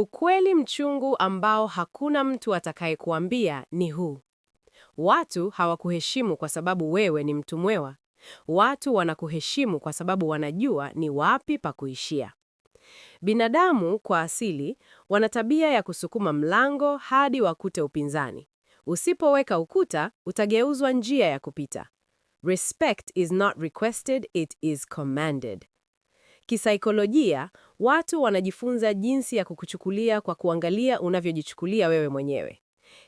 Ukweli mchungu ambao hakuna mtu atakayekuambia ni huu: watu hawakuheshimu kwa sababu wewe ni mtu mwewa. Watu wanakuheshimu kwa sababu wanajua ni wapi pa kuishia. Binadamu kwa asili wana tabia ya kusukuma mlango hadi wakute upinzani. Usipoweka ukuta, utageuzwa njia ya kupita. Respect is not requested, it is commanded. Kisaikolojia, Watu wanajifunza jinsi ya kukuchukulia kwa kuangalia unavyojichukulia wewe mwenyewe.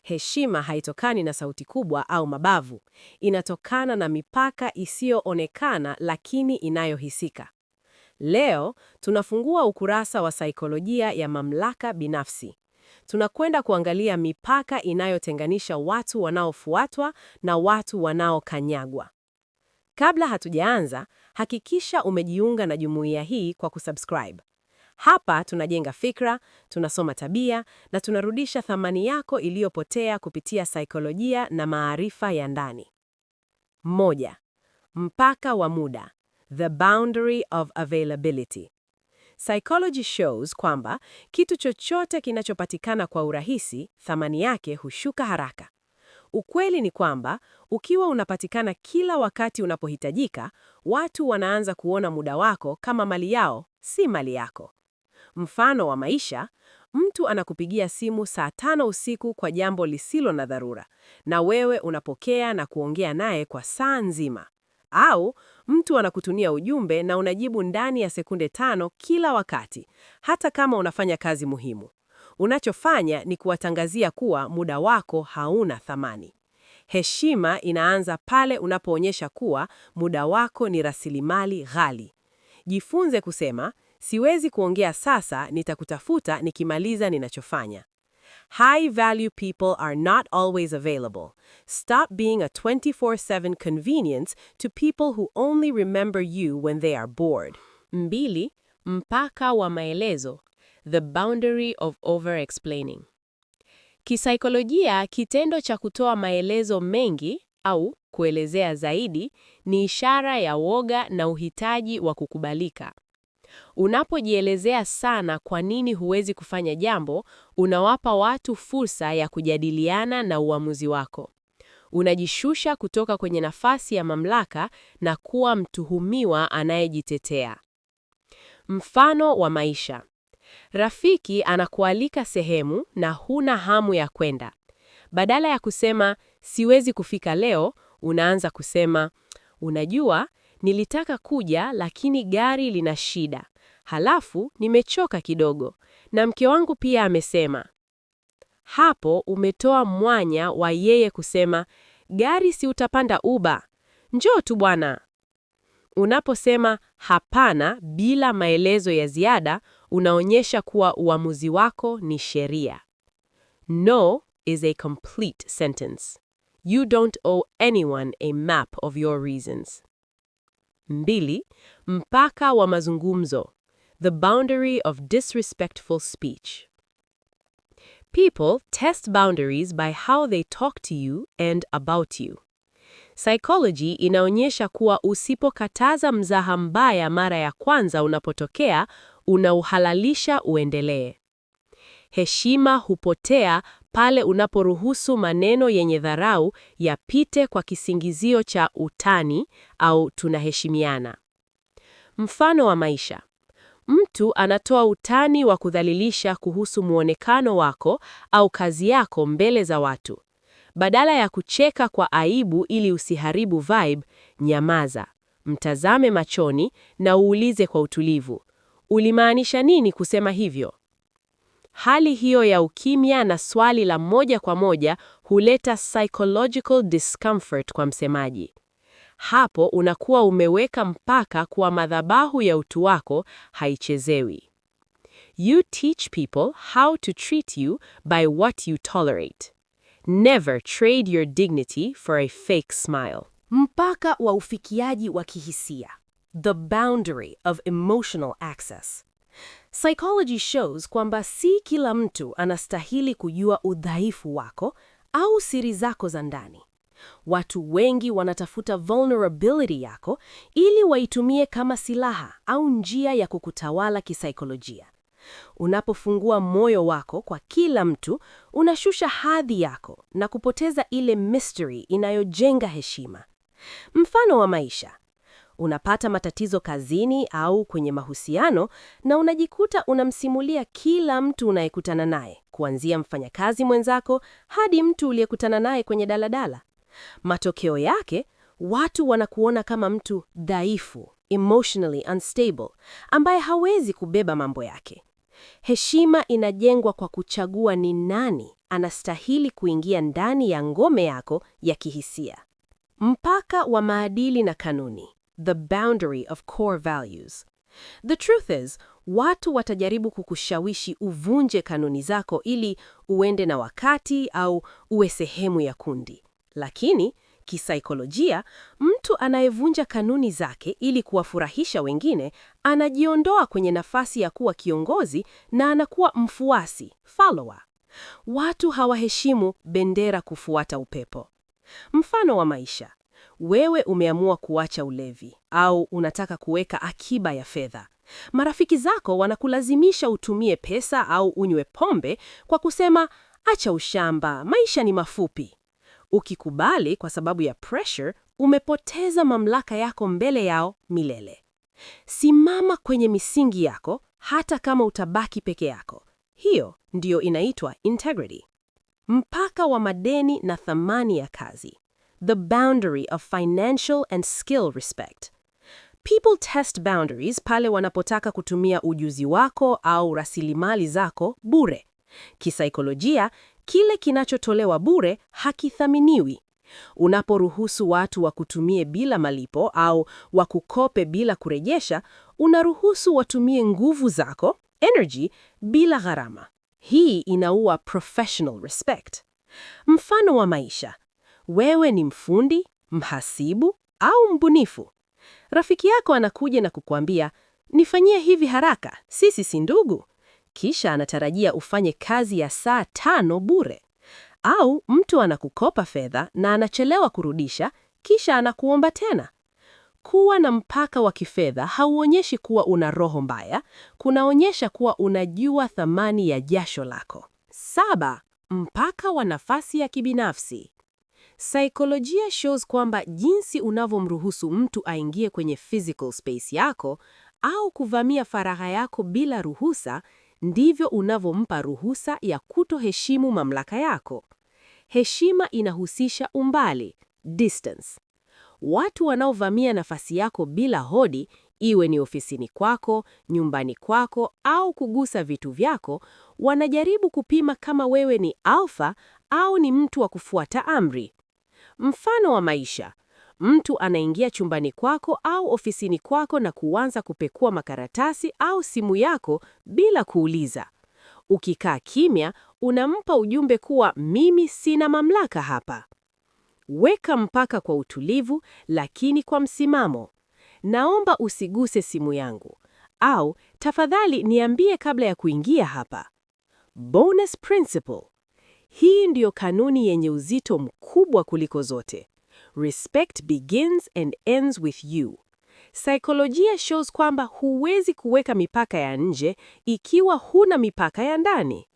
Heshima haitokani na sauti kubwa au mabavu, inatokana na mipaka isiyoonekana lakini inayohisika. Leo tunafungua ukurasa wa saikolojia ya mamlaka binafsi. Tunakwenda kuangalia mipaka inayotenganisha watu wanaofuatwa na watu wanaokanyagwa. Kabla hatujaanza, hakikisha umejiunga na jumuiya hii kwa kusubscribe. Hapa tunajenga fikra, tunasoma tabia na tunarudisha thamani yako iliyopotea kupitia saikolojia na maarifa ya ndani. Moja, mpaka wa muda, the boundary of availability. Psychology shows kwamba kitu chochote kinachopatikana kwa urahisi, thamani yake hushuka haraka. Ukweli ni kwamba ukiwa unapatikana kila wakati unapohitajika, watu wanaanza kuona muda wako kama mali yao, si mali yako. Mfano wa maisha, mtu anakupigia simu saa tano usiku kwa jambo lisilo na dharura, na wewe unapokea na kuongea naye kwa saa nzima. Au mtu anakutumia ujumbe na unajibu ndani ya sekunde tano kila wakati, hata kama unafanya kazi muhimu. Unachofanya ni kuwatangazia kuwa muda wako hauna thamani. Heshima inaanza pale unapoonyesha kuwa muda wako ni rasilimali ghali. Jifunze kusema Siwezi kuongea sasa, nitakutafuta nikimaliza ninachofanya. High value people are not always available. Stop being a 24/7 convenience to people who only remember you when they are bored. Mbili, mpaka wa maelezo, the boundary of over-explaining. Kisaikolojia, kitendo cha kutoa maelezo mengi au kuelezea zaidi ni ishara ya woga na uhitaji wa kukubalika. Unapojielezea sana kwa nini huwezi kufanya jambo, unawapa watu fursa ya kujadiliana na uamuzi wako. Unajishusha kutoka kwenye nafasi ya mamlaka na kuwa mtuhumiwa anayejitetea. Mfano wa maisha. Rafiki anakualika sehemu na huna hamu ya kwenda. Badala ya kusema siwezi kufika leo, unaanza kusema unajua nilitaka kuja lakini gari lina shida, halafu nimechoka kidogo na mke wangu pia amesema. Hapo umetoa mwanya wa yeye kusema, gari si utapanda Uber, njoo tu bwana. Unaposema hapana bila maelezo ya ziada, unaonyesha kuwa uamuzi wako ni sheria. No is a complete sentence. You don't owe anyone a map of your reasons. Mbili, mpaka wa mazungumzo, the boundary of disrespectful speech. People test boundaries by how they talk to you and about you. Psychology inaonyesha kuwa usipokataza mzaha mbaya mara ya kwanza unapotokea, unauhalalisha uendelee. Heshima hupotea pale unaporuhusu maneno yenye dharau yapite kwa kisingizio cha utani au tunaheshimiana. Mfano wa maisha: mtu anatoa utani wa kudhalilisha kuhusu muonekano wako au kazi yako mbele za watu. Badala ya kucheka kwa aibu ili usiharibu vibe, nyamaza, mtazame machoni na uulize kwa utulivu, ulimaanisha nini kusema hivyo? Hali hiyo ya ukimya na swali la moja kwa moja huleta psychological discomfort kwa msemaji. Hapo unakuwa umeweka mpaka kuwa madhabahu ya utu wako haichezewi. You teach people how to treat you by what you tolerate. Never trade your dignity for a fake smile. Mpaka wa ufikiaji wa kihisia, the boundary of emotional access. Psychology shows kwamba si kila mtu anastahili kujua udhaifu wako au siri zako za ndani. Watu wengi wanatafuta vulnerability yako ili waitumie kama silaha au njia ya kukutawala kisaikolojia. Unapofungua moyo wako kwa kila mtu, unashusha hadhi yako na kupoteza ile mystery inayojenga heshima. Mfano wa maisha unapata matatizo kazini au kwenye mahusiano, na unajikuta unamsimulia kila mtu unayekutana naye, kuanzia mfanyakazi mwenzako hadi mtu uliyekutana naye kwenye daladala. Matokeo yake, watu wanakuona kama mtu dhaifu, emotionally unstable, ambaye hawezi kubeba mambo yake. Heshima inajengwa kwa kuchagua ni nani anastahili kuingia ndani ya ngome yako ya kihisia. Mpaka wa maadili na kanuni the boundary of core values. The truth is, watu watajaribu kukushawishi uvunje kanuni zako ili uende na wakati au uwe sehemu ya kundi. Lakini kisaikolojia, mtu anayevunja kanuni zake ili kuwafurahisha wengine anajiondoa kwenye nafasi ya kuwa kiongozi na anakuwa mfuasi, follower. Watu hawaheshimu bendera kufuata upepo. Mfano wa maisha wewe umeamua kuacha ulevi au unataka kuweka akiba ya fedha. Marafiki zako wanakulazimisha utumie pesa au unywe pombe kwa kusema acha ushamba, maisha ni mafupi. Ukikubali kwa sababu ya pressure, umepoteza mamlaka yako mbele yao milele. Simama kwenye misingi yako hata kama utabaki peke yako. Hiyo ndiyo inaitwa integrity. Mpaka wa madeni na thamani ya kazi the boundary of financial and skill respect. People test boundaries pale wanapotaka kutumia ujuzi wako au rasilimali zako bure. Kisaikolojia, kile kinachotolewa bure hakithaminiwi. Unaporuhusu watu wakutumie bila malipo au wakukope bila kurejesha, unaruhusu watumie nguvu zako, energy, bila gharama. Hii inaua professional respect. Mfano wa maisha: wewe ni mfundi, mhasibu au mbunifu? Rafiki yako anakuja na kukuambia, nifanyie hivi haraka, sisi si ndugu. Kisha anatarajia ufanye kazi ya saa tano bure. Au mtu anakukopa fedha na anachelewa kurudisha, kisha anakuomba tena. Kuwa na mpaka wa kifedha hauonyeshi kuwa una roho mbaya, kunaonyesha kuwa unajua thamani ya jasho lako. Saba, mpaka wa nafasi ya kibinafsi. Saikolojia shows kwamba jinsi unavyomruhusu mtu aingie kwenye physical space yako au kuvamia faragha yako bila ruhusa ndivyo unavyompa ruhusa ya kutoheshimu mamlaka yako. Heshima inahusisha umbali, distance. Watu wanaovamia nafasi yako bila hodi, iwe ni ofisini kwako, nyumbani kwako au kugusa vitu vyako, wanajaribu kupima kama wewe ni alfa au ni mtu wa kufuata amri. Mfano wa maisha: mtu anaingia chumbani kwako au ofisini kwako na kuanza kupekua makaratasi au simu yako bila kuuliza. Ukikaa kimya, unampa ujumbe kuwa mimi sina mamlaka hapa. Weka mpaka kwa utulivu, lakini kwa msimamo. Naomba usiguse simu yangu, au tafadhali niambie kabla ya kuingia hapa. Bonus principle: hii ndiyo kanuni yenye uzito mkubwa kuliko zote. Respect begins and ends with you. Saikolojia shows kwamba huwezi kuweka mipaka ya nje ikiwa huna mipaka ya ndani.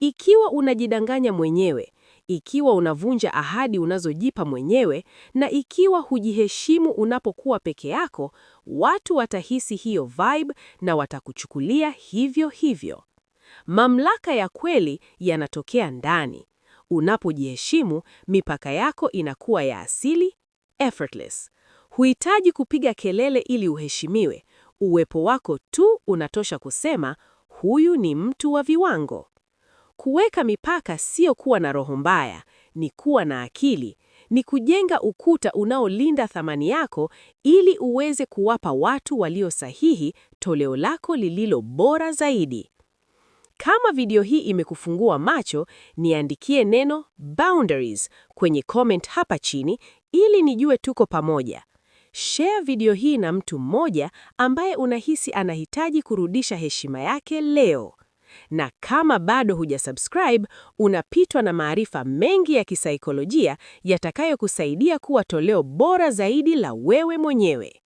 Ikiwa unajidanganya mwenyewe, ikiwa unavunja ahadi unazojipa mwenyewe, na ikiwa hujiheshimu unapokuwa peke yako, watu watahisi hiyo vibe na watakuchukulia hivyo hivyo. Mamlaka ya kweli yanatokea ndani. Unapojiheshimu, mipaka yako inakuwa ya asili, effortless. Huhitaji kupiga kelele ili uheshimiwe. Uwepo wako tu unatosha kusema huyu ni mtu wa viwango. Kuweka mipaka sio kuwa na roho mbaya, ni kuwa na akili, ni kujenga ukuta unaolinda thamani yako ili uweze kuwapa watu walio sahihi toleo lako lililo bora zaidi. Kama video hii imekufungua macho, niandikie neno boundaries kwenye comment hapa chini ili nijue tuko pamoja. Share video hii na mtu mmoja ambaye unahisi anahitaji kurudisha heshima yake leo. Na kama bado hujasubscribe, unapitwa na maarifa mengi ya kisaikolojia yatakayokusaidia kuwa toleo bora zaidi la wewe mwenyewe.